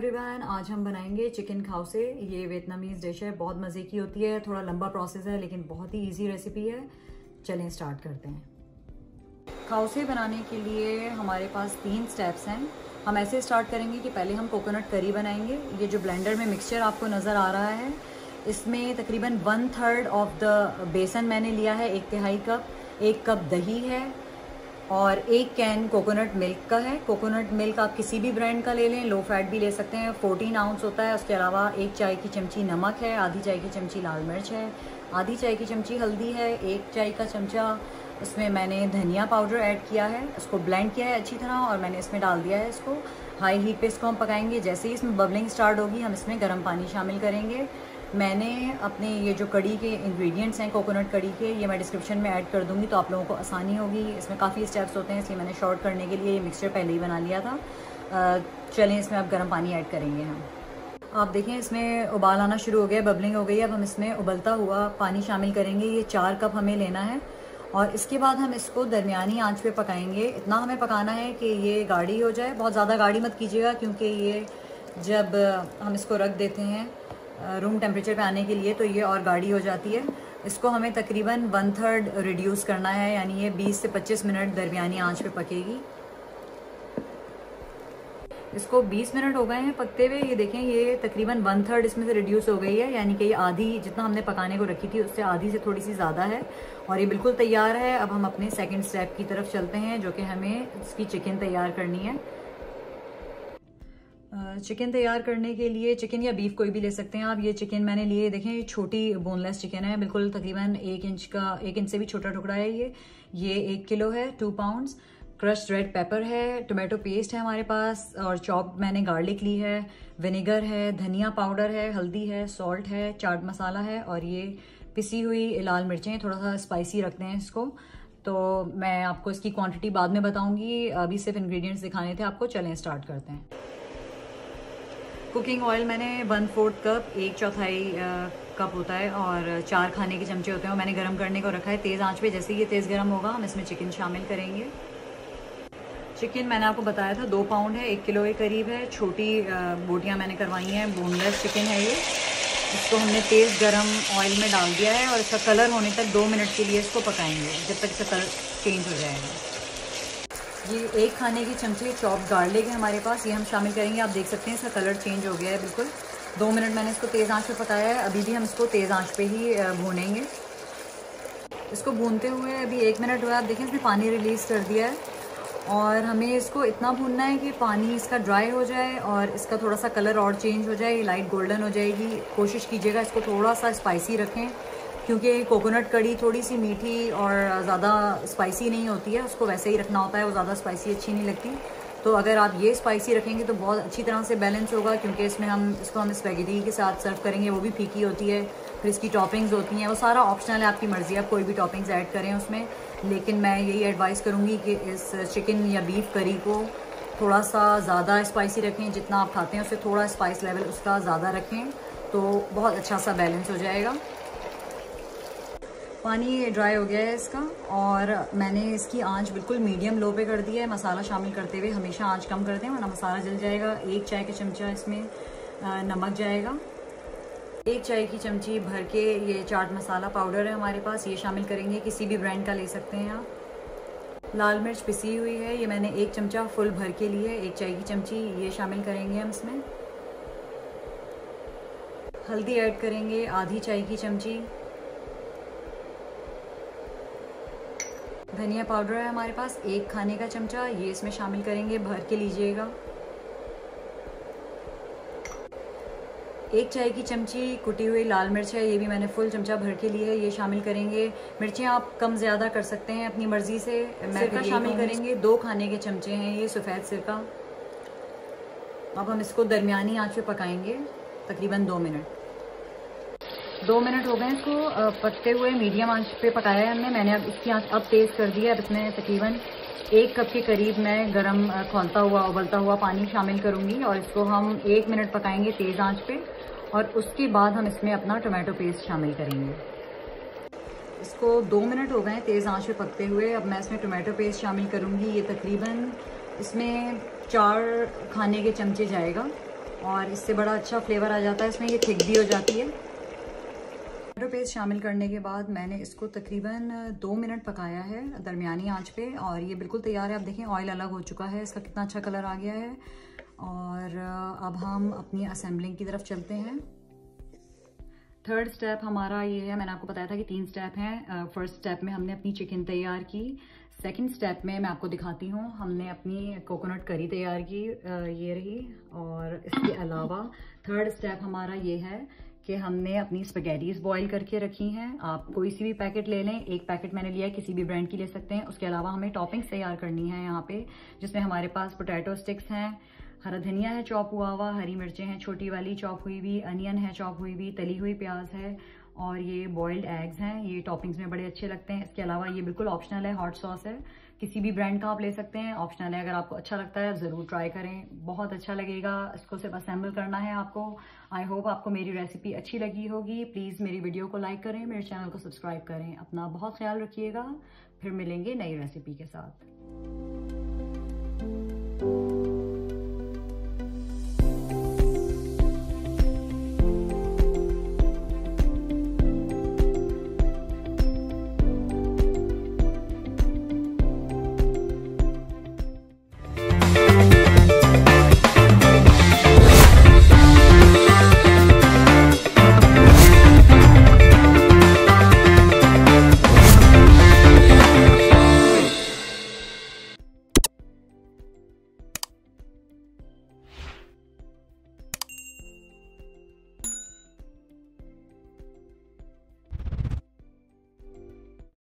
everyone आज हम बनाएंगे चिकन खाओ से ये वियतनामीज डिश है बहुत मज़े की होती है थोड़ा लंबा प्रोसेस है लेकिन बहुत ही इजी रेसिपी है चलें स्टार्ट करते हैं खाउसे बनाने के लिए हमारे पास तीन स्टेप्स हैं हम ऐसे स्टार्ट करेंगे कि पहले हम कोकोनट करी बनाएंगे ये जो ब्लेंडर में मिक्सचर आपको नज़र आ रहा है इसमें तकरीबन one third of the besan मैंने लिया है एक तिहाई कप एक कप दही है और एक कैन कोकोनट मिल्क का है कोकोनट मिल्क आप किसी भी ब्रांड का ले लें लो फैट भी ले सकते हैं 14 आउंस होता है उसके अलावा एक चाय की चमची नमक है आधी चाय की चमची लाल मिर्च है आधी चाय की चमची हल्दी है एक चाय का चमचा इसमें मैंने धनिया पाउडर ऐड किया है उसको ब्लेंड किया है अच्छी तरह और मैंने इसमें डाल दिया है इसको हाई हीट पे इसको हम पकाएंगे जैसे ही इसमें बबलिंग स्टार्ट होगी हम इसमें गर्म पानी शामिल करेंगे मैंने अपने ये जो कड़ी के इंग्रेडिएंट्स हैं कोकोनट कड़ी के ये मैं डिस्क्रिप्शन में ऐड कर दूँगी तो आप लोगों को आसानी होगी इसमें काफ़ी स्टेप्स होते हैं इसलिए मैंने शॉर्ट करने के लिए ये मिक्सचर पहले ही बना लिया था चलें इसमें अब गर्म पानी ऐड करेंगे हम आप देखें इसमें उबाल आना शुरू हो गया बबलिंग हो गई अब हम इसमें उबलता हुआ पानी शामिल करेंगे ये चार कप हमें लेना है और इसके बाद हम इसको दरमियानी आंच पे पकाएंगे इतना हमें पकाना है कि ये गाढ़ी हो जाए बहुत ज़्यादा गाढ़ी मत कीजिएगा क्योंकि ये जब हम इसको रख देते हैं रूम टेम्परेचर पे आने के लिए तो ये और गाढ़ी हो जाती है इसको हमें तकरीबन वन थर्ड रिड्यूस करना है यानी ये 20 से 25 मिनट दरमियानी आंच पे पकेगी इसको 20 मिनट हो गए हैं पकते हुए ये देखें ये तकरीबन वन थर्ड इसमें से रिड्यूस हो गई है यानी कि ये आधी जितना हमने पकाने को रखी थी उससे आधी से थोड़ी सी ज़्यादा है और ये बिल्कुल तैयार है अब हम अपने सेकेंड स्टेप की तरफ चलते हैं जो कि हमें इसकी चिकन तैयार करनी है चिकन तैयार करने के लिए चिकन या बीफ कोई भी ले सकते हैं आप ये चिकन मैंने लिए देखें ये छोटी बोनलेस चिकन है बिल्कुल तकरीबन एक इंच का एक इंच से भी छोटा टुकड़ा है ये ये एक किलो है two pounds crushed red pepper है टोमेटो पेस्ट है हमारे पास और चॉप मैंने गार्लिक ली है विनेगर है धनिया पाउडर है हल्दी है सॉल्ट है चाट मसाला है और ये पिसी हुई लाल मिर्चें थोड़ा सा स्पाइसी रखते हैं इसको तो मैं आपको इसकी क्वांटिटी बाद में बताऊंगी अभी सिर्फ इंग्रेडिएंट्स दिखाने थे आपको चलें स्टार्ट करते हैं कुकिंग ऑयल मैंने वन फोर्थ कप एक चौथाई कप होता है और चार खाने के चमचे होते हैं मैंने गर्म करने को रखा है तेज़ आंच पे जैसे ही ये तेज़ गर्म होगा हम इसमें चिकन शामिल करेंगे चिकन मैंने आपको बताया था दो पाउंड है एक किलो के करीब है छोटी बोटियाँ मैंने करवाई हैं बोनलेस चिकन है ये इसको हमने तेज़ गरम ऑयल में डाल दिया है और इसका कलर होने तक दो मिनट के लिए इसको पकाएंगे जब तक इसका कलर चेंज हो जाएगा ये एक खाने की चमची चॉप गार्लिक है हमारे पास ये हम शामिल करेंगे आप देख सकते हैं इसका कलर चेंज हो गया है बिल्कुल दो मिनट मैंने इसको तेज़ आंच पे पकाया है अभी भी हम इसको तेज़ आंच पे ही भूनेंगे इसको भूनते हुए अभी एक मिनट हुआ आप देखें इसने पानी रिलीज़ कर दिया है और हमें इसको इतना भूनना है कि पानी इसका ड्राई हो जाए और इसका थोड़ा सा कलर और चेंज हो जाए लाइट गोल्डन हो जाएगी कोशिश कीजिएगा इसको थोड़ा सा स्पाइसी रखें क्योंकि कोकोनट कड़ी थोड़ी सी मीठी और ज़्यादा स्पाइसी नहीं होती है उसको वैसे ही रखना होता है वो ज़्यादा स्पाइसी अच्छी नहीं लगती तो अगर आप ये स्पाइसी रखेंगे तो बहुत अच्छी तरह से बैलेंस होगा क्योंकि इसमें हम इसको हम स्पैगेटी के साथ सर्व करेंगे वो भी फीकी होती है फिर इसकी टॉपिंग्स होती हैं वो सारा ऑप्शनल है आपकी मर्ज़ी आप कोई भी टॉपिंग्स ऐड करें उसमें लेकिन मैं यही एडवाइस करूँगी कि इस चिकन या बीफ करी को थोड़ा सा ज़्यादा स्पाइसी रखें जितना आप खाते हैं उससे थोड़ा स्पाइस लेवल उसका ज़्यादा रखें तो बहुत अच्छा सा बैलेंस हो जाएगा पानी ड्राई हो गया है इसका और मैंने इसकी आंच बिल्कुल मीडियम लो पे कर दी है मसाला शामिल करते हुए हमेशा आंच कम कर दें वरना मसाला जल जाएगा एक चाय का चमचा इसमें नमक जाएगा एक चाय की चमची भर के ये चाट मसाला पाउडर है हमारे पास ये शामिल करेंगे किसी भी ब्रांड का ले सकते हैं आप लाल मिर्च पिसी हुई है ये मैंने एक चमचा फुल भर के लिए एक चाय की चमची ये शामिल करेंगे हम इसमें हल्दी ऐड करेंगे आधी चाय की चमची धनिया पाउडर है हमारे पास एक खाने का चमचा ये इसमें शामिल करेंगे भर के लीजिएगा एक चाय की चमची कुटी हुई लाल मिर्च है ये भी मैंने फुल चमचा भर के लिए है ये शामिल करेंगे मिर्चें आप कम ज़्यादा कर सकते हैं अपनी मर्ज़ी से सिरका शामिल करेंगे दो खाने के चमचे हैं ये सफ़ेद सिरका अब हम इसको दरमिया आँच पे पकाएंगे तकरीबन दो मिनट दो मिनट हो गए इसको पकते हुए मीडियम आंच पे पकाया है हमने मैंने अब इसकी आंच अब तेज़ कर दी है अब इसमें तकरीबन एक कप के करीब मैं गरम खोलता हुआ उबलता हुआ पानी शामिल करूंगी और इसको हम एक मिनट पकाएंगे तेज़ आंच पे और उसके बाद हम इसमें अपना टोमेटो पेस्ट शामिल करेंगे इसको दो मिनट हो गए हैं तेज़ आँच पे पकते हुए अब मैं इसमें टोमेटो पेस्ट शामिल करूँगी ये तकरीबन इसमें चार खाने के चमचे जाएगा और इससे बड़ा अच्छा फ्लेवर आ जाता है इसमें ये थिक भी हो जाती है टमाटर पेस्ट शामिल करने के बाद मैंने इसको तकरीबन दो मिनट पकाया है दरमियानी आंच पे और ये बिल्कुल तैयार है आप देखें ऑयल अलग हो चुका है इसका कितना अच्छा कलर आ गया है और अब हम अपनी असेंबलिंग की तरफ चलते हैं थर्ड स्टेप हमारा ये है मैंने आपको बताया था कि तीन स्टेप हैं फर्स्ट स्टेप में हमने अपनी चिकन तैयार की सेकंड स्टेप में मैं आपको दिखाती हूँ हमने अपनी कोकोनट करी तैयार की ये रही और इसके अलावा थर्ड स्टेप हमारा ये है कि हमने अपनी स्पगेटीज बॉईल करके रखी हैं आप कोई सी भी पैकेट ले लें एक पैकेट मैंने लिया है किसी भी ब्रांड की ले सकते हैं उसके अलावा हमें टॉपिंग्स तैयार करनी है यहाँ पे जिसमें हमारे पास पोटैटो स्टिक्स हैं हरा धनिया है चॉप हुआ हुआ हरी मिर्चें हैं छोटी वाली चॉप हुई हुई अनियन है चॉप हुई हुई तली हुई प्याज है और ये बॉइल्ड एग्स हैं ये टॉपिंग्स में बड़े अच्छे लगते हैं इसके अलावा ये बिल्कुल ऑप्शनल है हॉट सॉस है किसी भी ब्रांड का आप ले सकते हैं ऑप्शनल है अगर आपको अच्छा लगता है ज़रूर ट्राई करें बहुत अच्छा लगेगा इसको सिर्फ असेंबल करना है आपको आई होप आपको मेरी रेसिपी अच्छी लगी होगी प्लीज़ मेरी वीडियो को लाइक करें मेरे चैनल को सब्सक्राइब करें अपना बहुत ख्याल रखिएगा फिर मिलेंगे नई रेसिपी के साथ